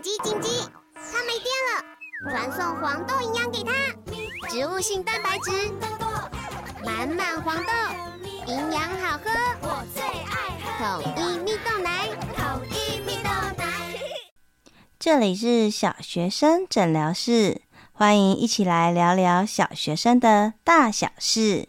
緊急！緊急！他沒電了，傳送黃豆營養給它，植物性蛋白質，滿滿黃豆，營養好喝，我最愛喝統一蜜豆奶，統一蜜豆奶。 這裡是小學生診聊室，歡迎一起來聊聊小學生的大小事。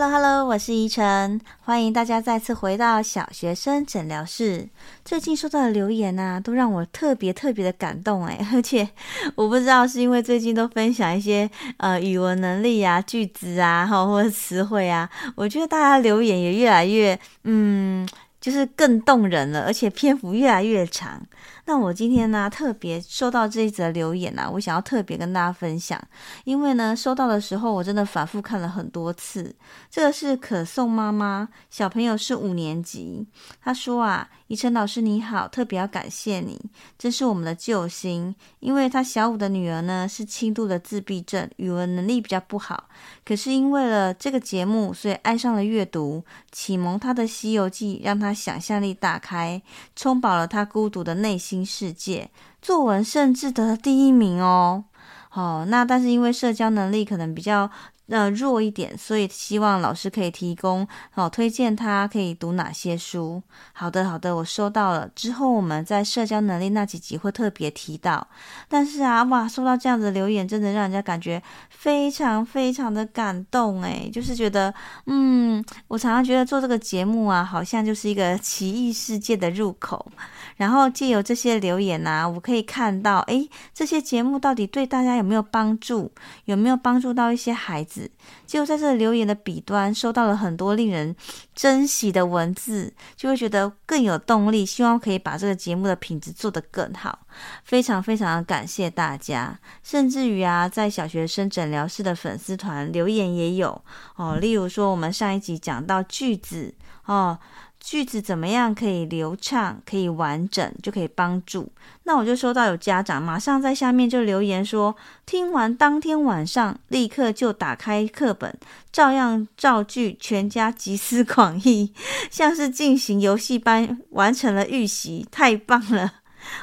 Hello Hello，我是宜晨，歡迎大家再次回到小學生診聊室。最近收到的留言啊，都讓我特別特別的感動，哎，而且我不知道是因為最近都分享一些呃語文能力呀、啊、句子啊，哈或者詞彙啊，我覺得大家留言也越來越嗯。就是更動人了，而且篇幅越來越長。那我今天呢，特別收到這一則留言吶、啊，我想要特別跟大家分享，因為呢，收到的時候我真的反復看了很多次。這個是可頌媽媽，小朋友是五年級，她說啊。怡晨老師你好，特別要感謝你，這是我們的救星。因為他小五的女兒呢是輕度的自閉症，語文能力比較不好，可是因為了這個節目，所以愛上了閱讀，啟蒙他的《西遊記》，讓他想象力大開，充飽了他孤獨的內心世界。作文甚至得第一名哦。哦，那但是因為社交能力可能比較。那、呃、弱一點，所以希望老師可以提供哦，推薦他可以讀哪些書。好的，好的，我收到了。之後我們在社交能力那幾集會特別提到。但是啊，哇，收到這樣子留言，真的讓人家感覺非常非常的感動誒、欸，就是覺得，嗯，我常常覺得做這個節目啊，好像就是一個奇異世界的入口。然後借由這些留言吶、啊，我可以看到，誒，這些節目到底對大家有沒有幫助，有沒有幫助到一些孩子？就在這留言的彼端，收到了很多令人珍惜的文字，就會覺得更有動力，希望可以把這個節目的品質做得更好，非常非常感謝大家，甚至於啊，在小學生診聊室的粉絲團留言也有哦，例如說我們上一集講到句子哦。句子怎麼樣可以流暢、可以完整，就可以幫助。那我就收到有家長馬上在下面就留言說，聽完當天晚上立刻就打開課本，照樣造句，全家集思廣益，像是進行遊戲般完成了預習，太棒了！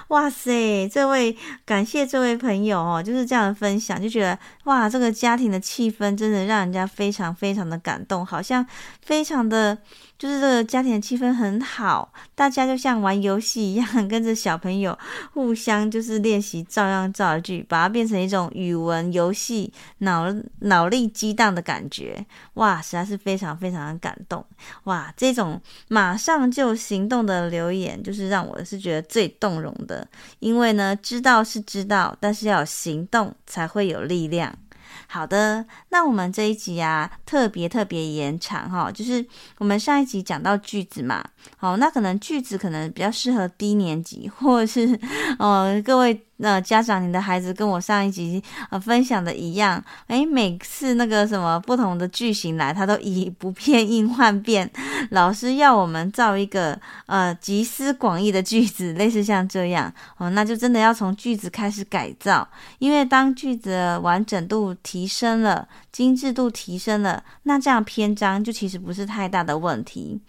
哇塞，這位感謝這位朋友哦，就是這樣的分享，就覺得哇，這個家庭的氣氛真的讓人家非常非常的感動，好像非常的。就是這個家庭的氣氛很好，大家就像玩遊戲一樣，跟着小朋友互相就是練習，照樣造句，把它變成一種語文遊戲，腦腦力激盪的感覺。哇，實在是非常非常的感動。哇，這種馬上就行動的留言，就是讓我是覺得最動容的。因為呢，知道是知道，但是要有行動才會有力量。好的，那我們這一集啊，特別特別延長哈、哦，就是我們上一集講到句子嘛，好、哦，那可能句子可能比較適合低年級，或者是，嗯、哦，各位。那家長，你的孩子跟我上一集呃分享的一樣，哎，每次那個什麼不同的句型來，他都以不變應萬變。老師要我們造一個呃集思廣益的句子，類似像這樣哦，那就真的要從句子開始改造，因為當句子的完整度提升了，精緻度提升了，那這樣篇章就其實不是太大的問題。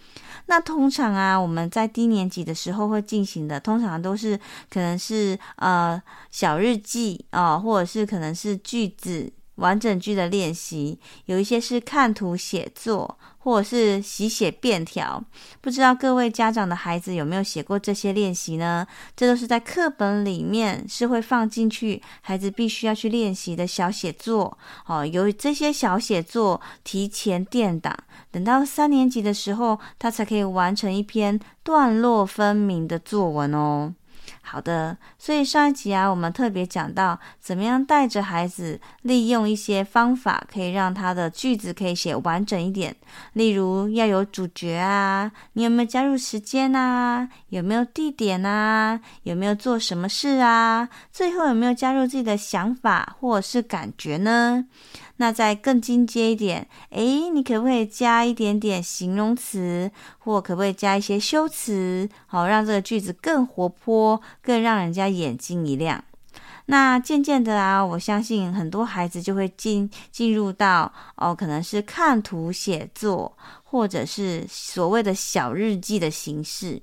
那通常啊，我們在低年級的時候會進行的，通常都是可能是呃。小日記啊、哦，或者是可能是句子完整句的練習，有一些是看圖寫作，或者是寫寫便條。不知道各位家長的孩子有沒有寫過這些練習呢？這都是在課本裡面是會放進去，孩子必須要去練習的小寫作哦。由於這些小寫作提前墊檔，等到三年級的時候，他才可以完成一篇段落分明的作文哦。好的。所以上一集啊，我們特別講到怎麼樣帶着孩子利用一些方法，可以讓他的句子可以寫完整一點。例如要有主角啊，你有沒有加入時間啊？有沒有地點啊？有沒有做什麼事啊？最後有沒有加入自己的想法或者是感覺呢？那再更進階一點，誒、欸，你可不可以加一點點形容詞，或可不可以加一些修辭，好讓這個句子更活潑，更讓人家。眼睛一亮，那漸漸的啊，我相信很多孩子就會進進入到哦，可能是看圖寫作，或者是所謂的小日記的形式。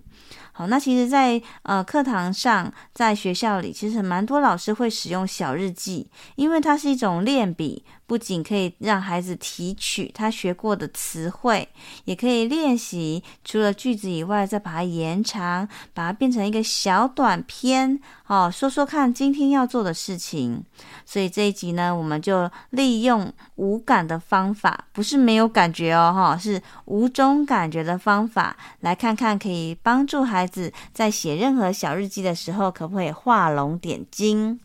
好，那其實在，在呃課堂上，在學校裡，其實蠻多老師會使用小日記，因為它是一種練筆，不僅可以讓孩子提取他學過的詞彙，也可以練習除了句子以外，再把它延長，把它變成一個小短篇。哦，說說看今天要做的事情。所以這一集呢，我們就利用五感的方法，不是沒有感覺哦，哈、哦，是五種感覺的方法，來看看可以幫助孩。在寫任何小日記的時候，可不可以畫龍點睛？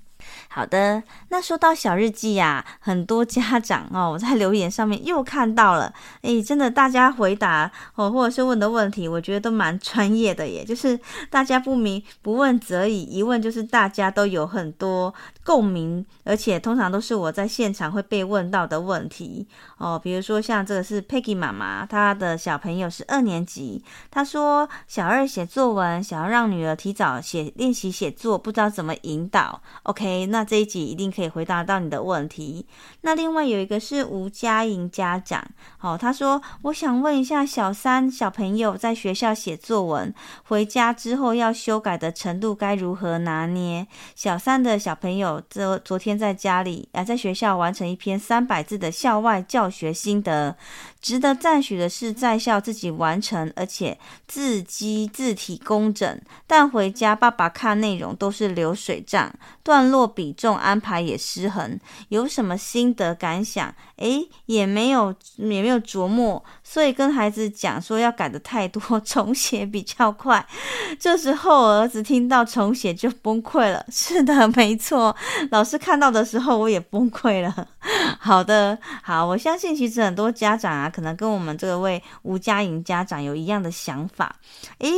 好的，那說到小日記呀。啊，很多家長哦，我在留言上面又看到了，誒、欸，真的，大家回答哦，或者是問的問題，我覺得都蠻專業的耶。就是大家不明不問則已，一問就是大家都有很多共鳴，而且通常都是我在現場會被問到的問題哦。比如說像這個是 Peggy 媽媽，她的小朋友是二年級，她說小二寫作文，想要讓女兒提早寫練習寫作，不知道怎麼引導。OK，那。這一集一定可以回答到你的問題。那另外有一個是吳佳瑩家長，好、哦，他說，我想問一下小三小朋友在學校寫作文，回家之後要修改的程度該如何拿捏？小三的小朋友，昨昨天在家裡啊，在學校完成一篇三百字的校外教學心得。值得讚許的是，在校自己完成，而且字跡字體工整。但回家爸爸看內容都是流水賬，段落比重安排也失衡。有什麼心得感想？哎、欸，也沒有也沒有琢磨。所以跟孩子講說要改得太多，重寫比較快。 這時候我兒子聽到重寫就崩潰了。是的，沒錯。老師看到的時候我也崩潰了。 好的，好，我相信其實很多家長啊。可能跟我們這位吳佳瑩家長有一樣的想法。誒、欸，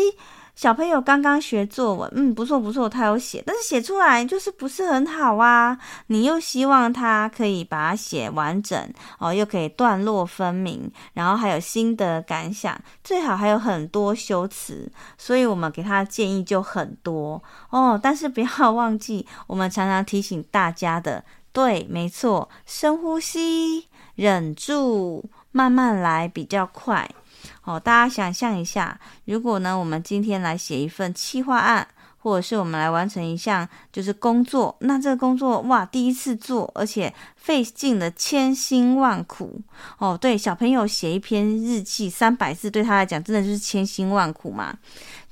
小朋友剛剛學作文，嗯，不錯不錯，他有寫，但是寫出來就是不是很好啊。你又希望他可以把它寫完整哦，又可以段落分明，然後還有心得感想，最好還有很多修辭。所以我們給他的建議就很多哦。但是不要忘記，我們常常提醒大家的，對，沒錯，深呼吸，忍住。慢慢來比較快哦。大家想象一下，如果呢，我們今天來寫一份企劃案，或者是我們來完成一項就是工作，那這個工作哇，第一次做，而且費盡了千辛萬苦哦。對，小朋友寫一篇日記三百字，對他來講真的就是千辛萬苦嘛。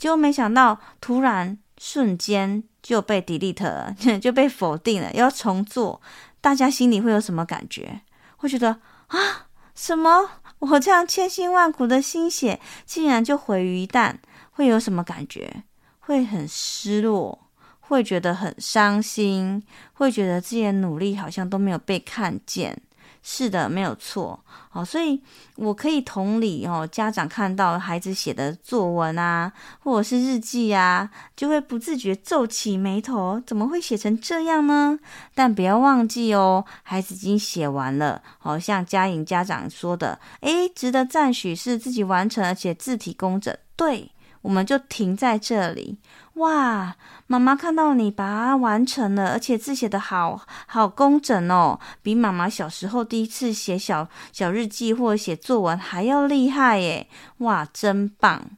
結果沒想到，突然瞬間就被 delete 了，就被否定了，要重做。大家心裡會有什麼感覺？會覺得啊？什麼？我這樣千辛萬苦的心血，竟然就毀於一旦，會有什麼感覺？會很失落，會覺得很傷心，會覺得自己的努力好像都沒有被看見。是的，沒有錯，好，所以我可以同理哦。家長看到孩子寫的作文啊，或者是日記啊，就會不自覺皺起眉頭，怎麼會寫成這樣呢？但不要忘記哦，孩子已經寫完了。好，像嘉穎家長說的，誒，值得贊許是自己完成，而且字體工整。對，我們就停在這裡。哇，媽媽看到你把它完成了，而且字寫得好，好工整哦，比媽媽小時候第一次寫小小日記或寫作文還要厲害耶！哇，真棒！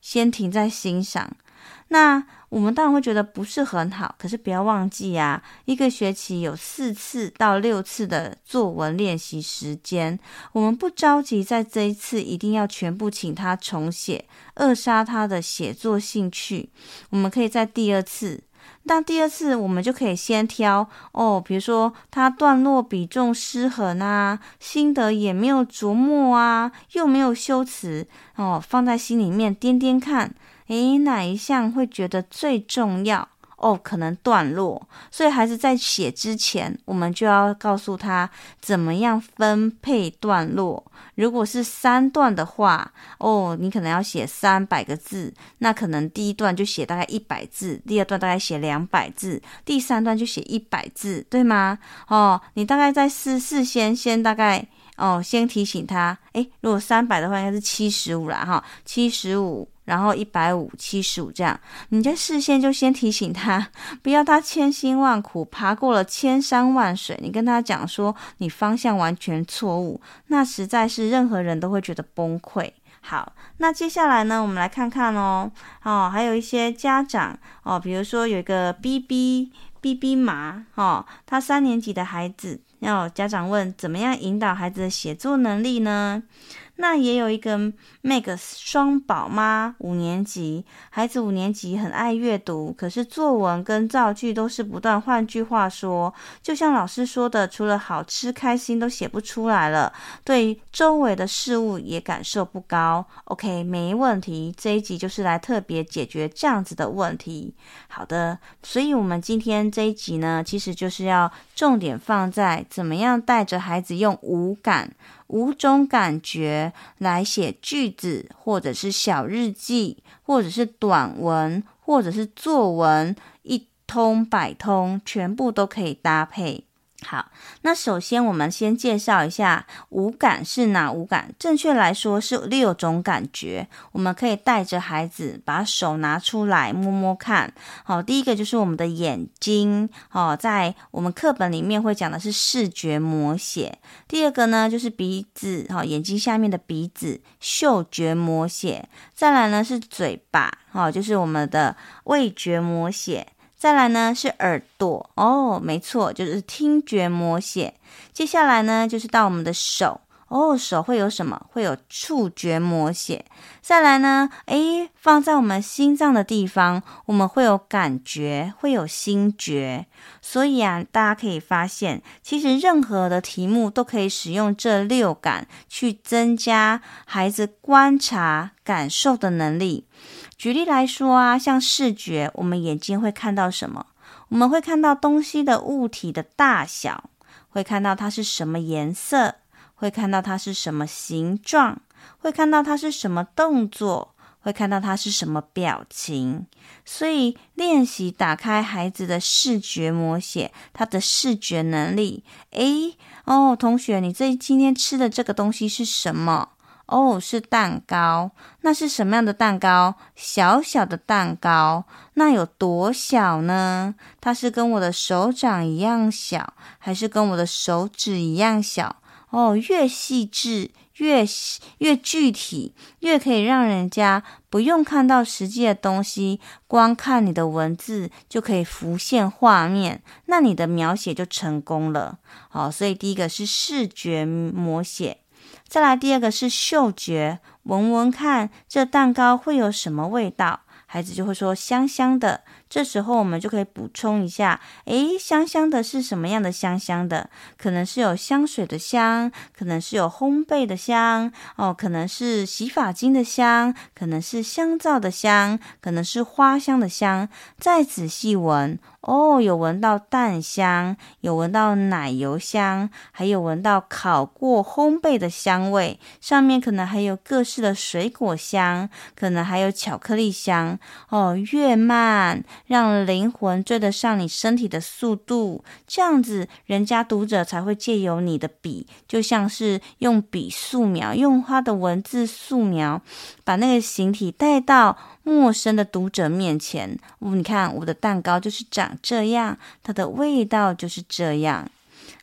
先停在欣賞，那。我們當然會覺得不是很好，可是不要忘記啊，一個學期有四次到六次的作文練習時間，我們不着急在這一次一定要全部請他重寫，扼殺他的寫作興趣。我們可以在第二次，但第二次我們就可以先挑哦，比如說他段落比重失衡啊，心得也沒有著墨啊，又沒有修辭哦，放在心裡面掂掂看。誒，哪一項會覺得最重要？哦，可能段落。所以孩子在寫之前，我們就要告訴他怎麼樣分配段落。如果是三段的話，哦，你可能要寫三百個字。那可能第一段就寫大概一百字，第二段大概寫兩百字，第三段就寫一百字，對嗎？哦，你大概在試，試先，先大概哦，先提醒他。誒，如果三百的話，應該是七十五啦哈，七十五。75，然後一百五七十五這樣，你在事先就先提醒他，不要他千辛萬苦爬過了千山萬水，你跟他講說，你方向完全錯誤，那實在是任何人都會覺得崩潰。好，那接下來呢，我們來看看哦，哦，還有一些家長哦，比如說有一個 BB, BB、BB、媽哦，他三年級的孩子，然後家長問，怎麼樣引導孩子的寫作能力呢？那也有一個 Max 雙寶媽，五年級孩子五年級很愛閱讀，可是作文跟造句都是不斷。換句話說，就像老師說的，除了好吃開心都寫不出來了，對周圍的事物也感受不高。OK，沒問題，這一集就是來特別解決這樣子的問題。好的，所以我們今天這一集呢，其實就是要重點放在怎麼樣帶着孩子用五感。五種感覺來寫句子，或者是小日記，或者是短文，或者是作文，一通百通，全部都可以搭配。好，那首先我們先介紹一下五感是哪五感？正確來說是六種感覺。我們可以帶着孩子把手拿出來摸摸看。好，第一個就是我們的眼睛，好，在我們課本裡面會講的是視覺摹寫。第二個呢就是鼻子，好，眼睛下面的鼻子，嗅覺摹寫。再來呢是嘴巴，好，就是我們的味覺摹寫。再來呢是耳朵哦，oh, 沒錯，就是聽覺摹寫。接下來呢就是到我們的手哦，oh, 手會有什麼？會有觸覺摹寫。再來呢，誒，放在我們心臟的地方，我們會有感覺，會有心覺。所以啊，大家可以發現，其實任何的題目都可以使用這六感去增加孩子觀察感受的能力。舉例來說啊，像視覺，我們眼睛會看到什麼？我們會看到東西的物體的大小，會看到它是什麼顏色，會看到它是什麼形狀，會看到它是什麼動作，會看到它是什麼表情。所以，練習打開孩子的視覺摹寫，他的視覺能力。誒，哦，同學，你這今天吃的這個東西是什麼？哦，是蛋糕，那是什麼樣的蛋糕？小小的蛋糕，那有多小呢？它是跟我的手掌一樣小，還是跟我的手指一樣小？哦，越細緻，越越具體，越可以讓人家不用看到實際的東西，光看你的文字就可以浮現畫面，那你的描寫就成功了。好，所以第一個是視覺摹寫。再來第二個是嗅覺，聞聞看這蛋糕會有什麼味道，孩子就會說香香的。這時候我們就可以補充一下，欸，香香的是什麼樣的香香的？可能是有香水的香，可能是有烘焙的香，哦，可能是洗髮精的香，可能是香皂的香，可能是花香的香。再仔細聞，哦，有聞到蛋香，有聞到奶油香，還有聞到烤過烘焙的香味，上面可能還有各式的水果香，可能還有巧克力香，哦，月曼。讓靈魂追得上你身體的速度，這樣子，人家讀者才會借由你的筆，就像是用筆素描，用花的文字素描，把那個形體帶到陌生的讀者面前。哦，你看，我的蛋糕就是長這樣，它的味道就是這樣。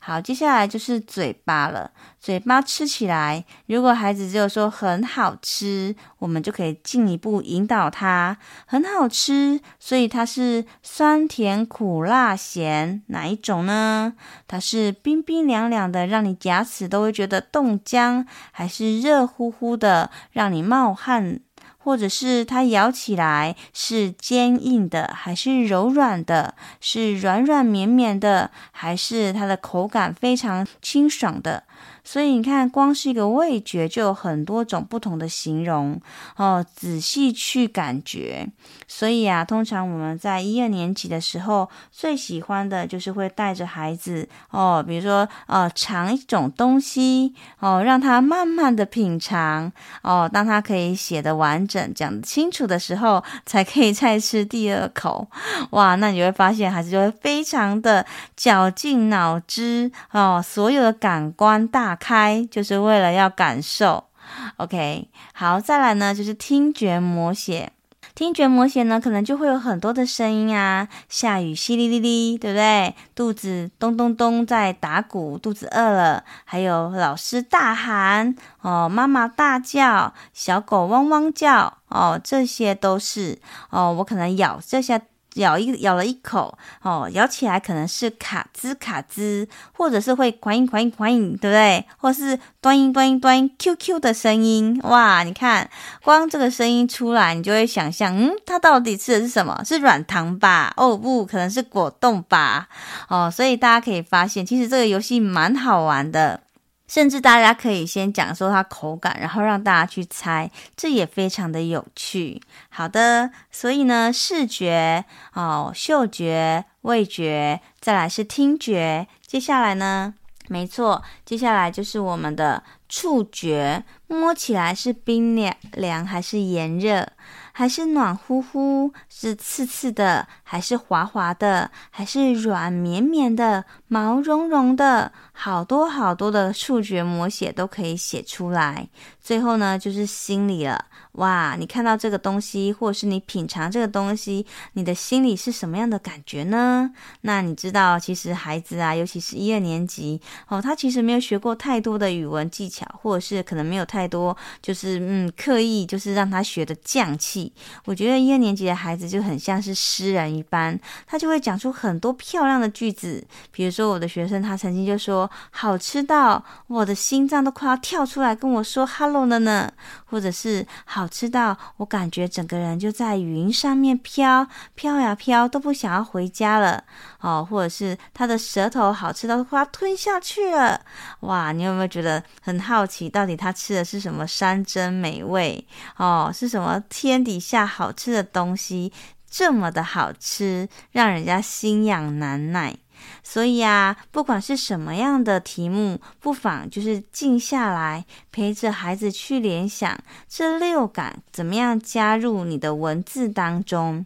好，接下來就是嘴巴了。嘴巴吃起來，如果孩子只有說很好吃，我們就可以進一步引導他，很好吃，所以它是酸甜苦辣鹹哪一種呢？它是冰冰涼涼的，讓你牙齒都會覺得凍僵，還是熱乎乎的，讓你冒汗？或者是它咬起來是堅硬的，還是柔軟的？是軟軟綿綿的，還是它的口感非常清爽的。所以你看，光是一個味覺就有很多種不同的形容哦。仔細去感覺，所以啊，通常我們在一二年級的時候，最喜歡的就是會帶着孩子哦，比如說哦、呃，嘗一種東西哦，讓他慢慢的品嘗哦。當他可以寫得完整、講得清楚的時候，才可以再吃第二口。哇，那你會發現孩子就會非常的絞盡腦汁哦，所有的感官大開就是為了要感受，OK。好，再來呢，就是聽覺摹寫。聽覺摹寫呢，可能就會有很多的聲音啊，下雨淅瀝瀝瀝，對不對？肚子咚咚咚在打鼓，肚子餓了，還有老師大喊哦，媽媽大叫，小狗汪汪叫哦，這些都是哦，我可能咬這些。咬一咬了一口，哦，咬起來可能是卡茲卡茲，或者是會歡迎歡迎歡迎，對不對？或是端音端音端音 QQ 的聲音，哇！你看，光這個聲音出來，你就會想象，嗯，它到底吃的是什麼？是軟糖吧？哦，不，可能是果凍吧？哦，所以大家可以發現，其實這個遊戲蠻好玩的。甚至大家可以先講說它口感，然後讓大家去猜，這也非常的有趣。好的，所以呢，視覺，哦，嗅覺、味覺，再來是聽覺，接下來呢，沒錯，接下來就是我們的觸覺，摸起來是冰涼涼還是炎熱？還是暖乎乎，是刺刺的，還是滑滑的，還是軟綿綿的、毛茸茸的，好多好多的觸覺摹寫都可以寫出來。最後呢，就是心裡了。哇！你看到這個東西，或者是你品嘗這個東西，你的心裡是什麼樣的感覺呢？那你知道，其實孩子啊，尤其是一二年級哦，他其實沒有學過太多的語文技巧，或者是可能沒有太多，就是嗯，刻意就是讓他學的匠氣。我覺得一二年級的孩子就很像是詩人一般，他就會講出很多漂亮的句子。比如說我的學生，他曾經就說：“好吃到我的心臟都快要跳出來，跟我說 ‘hello’。”夠呢，或者是好吃到我感覺整個人就在雲上面飄，飄呀飄，都不想要回家了哦。或者是他的舌頭好吃到快吞下去了，哇！你有沒有覺得很好奇，到底他吃的是什麼山珍美味哦？是什麼天底下好吃的東西這麼的好吃，讓人家心癢難耐？所以啊，不管是什麼樣的題目，不妨就是靜下來，陪着孩子去聯想這六感怎麼樣加入你的文字當中。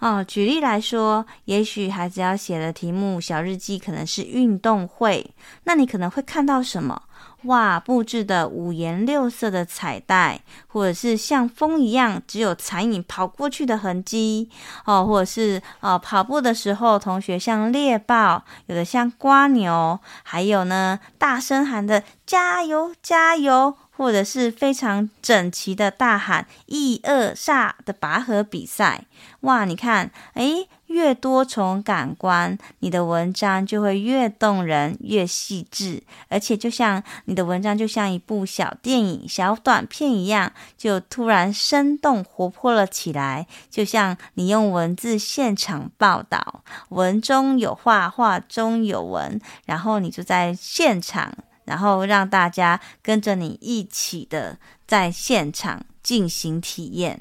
哦，舉例來說，也許孩子要寫的題目小日記可能是運動會，那你可能會看到什麼？哇！佈置的五顏六色的彩帶，或者是像風一樣只有殘影跑過去的痕跡哦，或者是哦跑步的時候，同學像獵豹，有的像蝸牛，還有呢，大聲喊的加油加油，或者是非常整齊的大喊一二煞的拔河比賽。哇！你看，誒越多重感官，你的文章就會越動人、越細緻，而且就像你的文章就像一部小電影、小短片一樣，就突然生動活潑了起來，就像你用文字現場報道，文中有畫，畫中有文，然後你就在現場，然後讓大家跟着你一起的在現場進行體驗。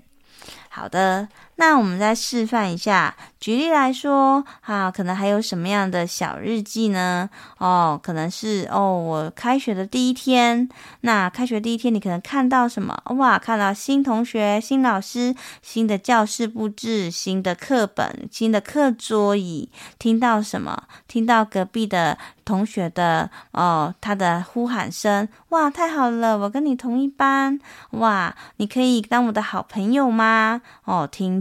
好的。那我們再示範一下，舉例來說，啊，可能還有什麼樣的小日記呢？哦，可能是哦，我開學的第一天。那開學第一天，你可能看到什麼？哇，看到新同學、新老師、新的教室布置、新的課本、新的課桌椅，聽到什麼？聽到隔壁的同學的哦，他的呼喊聲。哇，太好了，我跟你同一班。哇，你可以當我的好朋友嗎？哦，聽。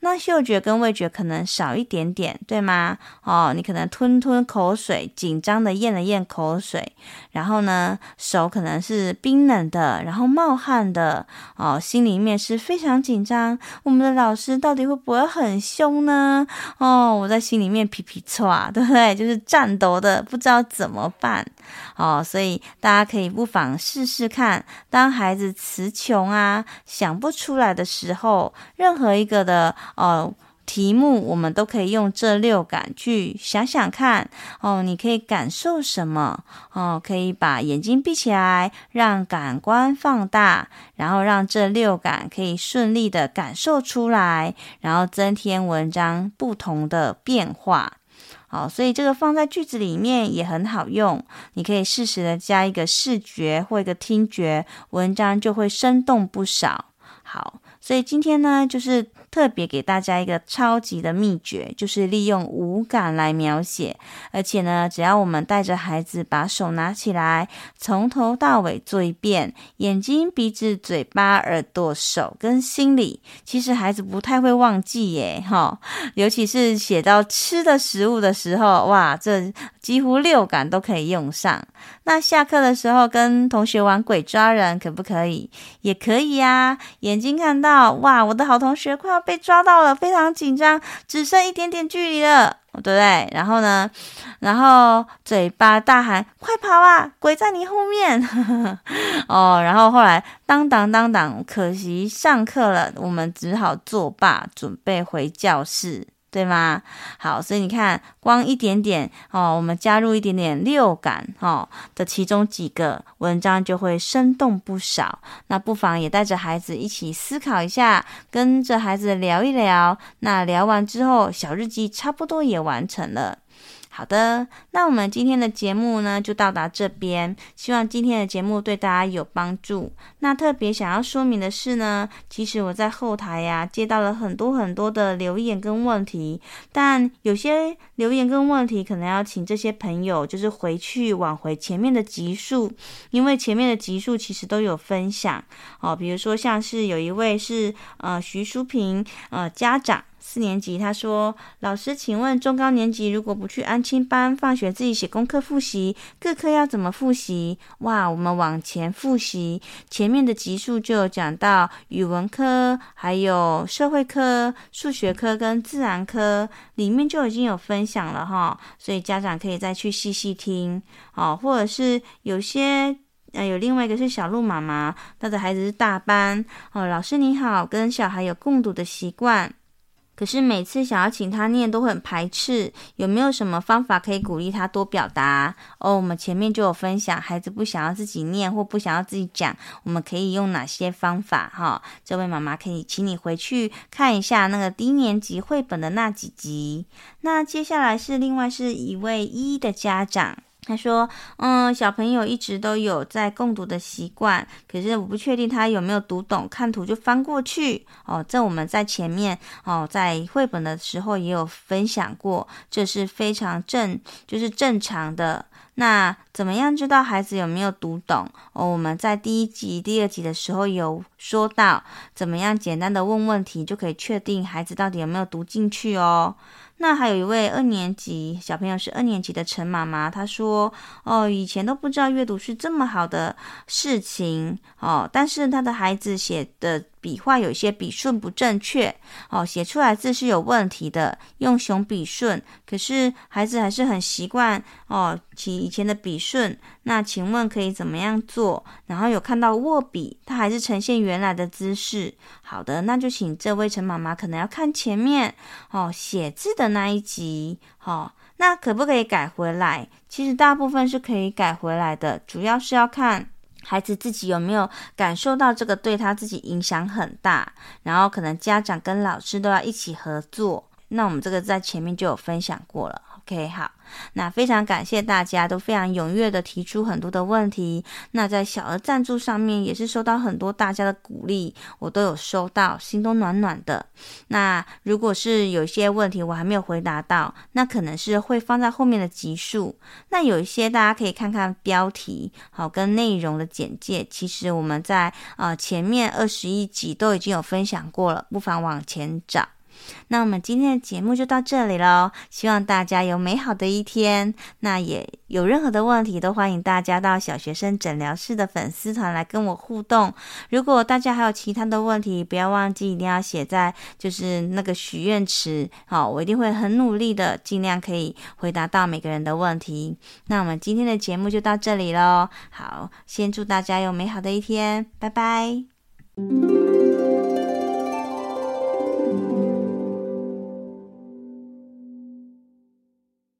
那嗅覺跟味覺可能少一點點，對嗎？哦，你可能吞吞口水，緊張的咽了咽口水，然後呢，手可能是冰冷的，然後冒汗的，哦，心裡面是非常緊張。我們的老師到底會不會很兇呢？哦，我在心裡面皮皮挫啊，對不對？就是顫抖的，不知道怎麼辦。哦，所以大家可以不妨試試看，當孩子詞窮啊，想不出來的時候，任何一個的。呃、哦，題目我們都可以用這六感去想想看哦，你可以感受什麼哦？可以把眼睛閉起來，讓感官放大，然後讓這六感可以順利的感受出來，然後增添文章不同的變化。好，哦，所以這個放在句子裡面也很好用，你可以適時的加一個視覺或一個聽覺，文章就會生動不少。好，所以今天呢，就是。特別給大家一個超級的祕訣，就是利用五感來描寫。而且呢，只要我們帶着孩子把手拿起來，從頭到尾做一遍，眼睛、鼻子、嘴巴、耳朵、手跟心裡，其實孩子不太會忘記耶。吼，尤其是寫到吃的食物的時候，哇，這。幾乎六感都可以用上。那下課的時候跟同學玩鬼抓人可不可以？也可以呀。眼睛看到，哇，我的好同學快要被抓到了，非常緊張，只剩一點點距離了，對不對？然後呢，然後嘴巴大喊：“快跑啊，鬼在你後面！” 哦，然後後來當當當當，可惜上課了，我們只好作罷，準備回教室。對嗎？好，所以你看，光一點點哦，我們加入一點點六感哦的其中幾個文章，就會生動不少。那不妨也帶着孩子一起思考一下，跟着孩子聊一聊。那聊完之後，小日記差不多也完成了。好的，那我們今天的節目呢，就到達這邊。希望今天的節目對大家有幫助。那特別想要說明的是呢，其實我在後台呀、啊、接到了很多很多的留言跟問題，但有些留言跟問題可能要請這些朋友就是回去往回前面的集數，因為前面的集數其實都有分享哦。比如說像是有一位是呃徐淑萍呃家長。四年級，他說：“老師，請問中高年級如果不去安親班，放學自己寫功課複習，各科要怎麼複習？”哇，我們往前複習前面的集數就講到語文科，還有社會科，數學科跟自然科裡面就已經有分享了哈，所以家長可以再去細細聽哦。或者是有些呃，有另外一個是小鹿媽媽，她的孩子是大班哦。老師你好，跟小孩有共讀的習慣。可是每次想要請他念都會很排斥，有沒有什麼方法可以鼓勵他多表達？哦，我們前面就有分享，孩子不想要自己念或不想要自己講，我們可以用哪些方法？哈、哦，這位媽媽可以，請你回去看一下那個低年級繪本的那幾集。那接下來是另外是一位一的家長。他說：“嗯，小朋友一直都有在共讀的習慣，可是我不確定他有沒有讀懂。看圖就翻過去哦。這我們在前面哦，在繪本的時候也有分享過，這是非常正，就是正常的。那怎麼樣知道孩子有沒有讀懂？哦，我們在第一集、第二集的時候有說到，怎麼樣簡單的問問題就可以確定孩子到底有沒有讀進去哦。”那還有一位二年級小朋友，是二年級的陳媽媽，她說：“哦，以前都不知道閱讀是這麼好的事情哦，但是她的孩子寫的。”筆畫有些筆順不正確哦，寫出來字是有問題的。用熊筆順，可是孩子還是很習慣哦，其以前的筆順。那請問可以怎麼樣做？然後有看到握筆，它還是呈現原來的姿勢。好的，那就請這位陳媽媽可能要看前面哦，寫字的那一集。好，哦，那可不可以改回來？其實大部分是可以改回來的，主要是要看。孩子自己有沒有感受到這個對他自己影響很大？然後可能家長跟老師都要一起合作。那我們這個在前面就有分享過了。OK，好。那非常感謝大家都非常踴躍的提出很多的問題。那在小額贊助上面也是收到很多大家的鼓勵，我都有收到，心都暖暖的。那如果是有一些問題我還沒有回答到，那可能是會放在後面的集數。那有一些大家可以看看標題，好，跟內容的簡介。其實我們在呃前面二十一集都已經有分享過了，不妨往前找。那我們今天的節目就到這裡嘍，希望大家有美好的一天。那也有任何的問題，都歡迎大家到小學生診聊室的粉絲團來跟我互動。如果大家還有其他的問題，不要忘記一定要寫在就是那個許願池，好，我一定會很努力的，盡量可以回答到每個人的問題。那我們今天的節目就到這裡嘍，好，先祝大家有美好的一天，拜拜。